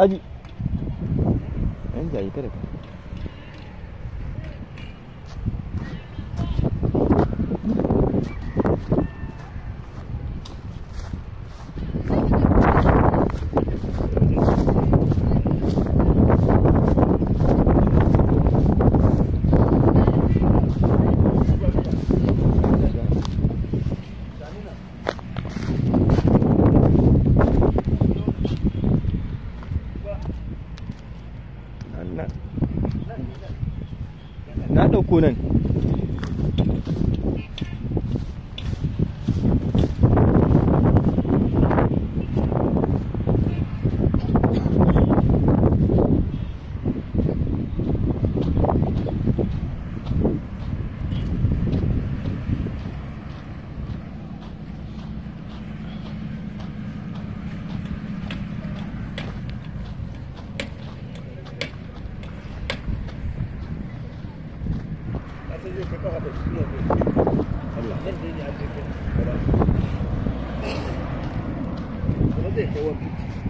Allí. Ven, ahí, espérate. na ɗauko nan هو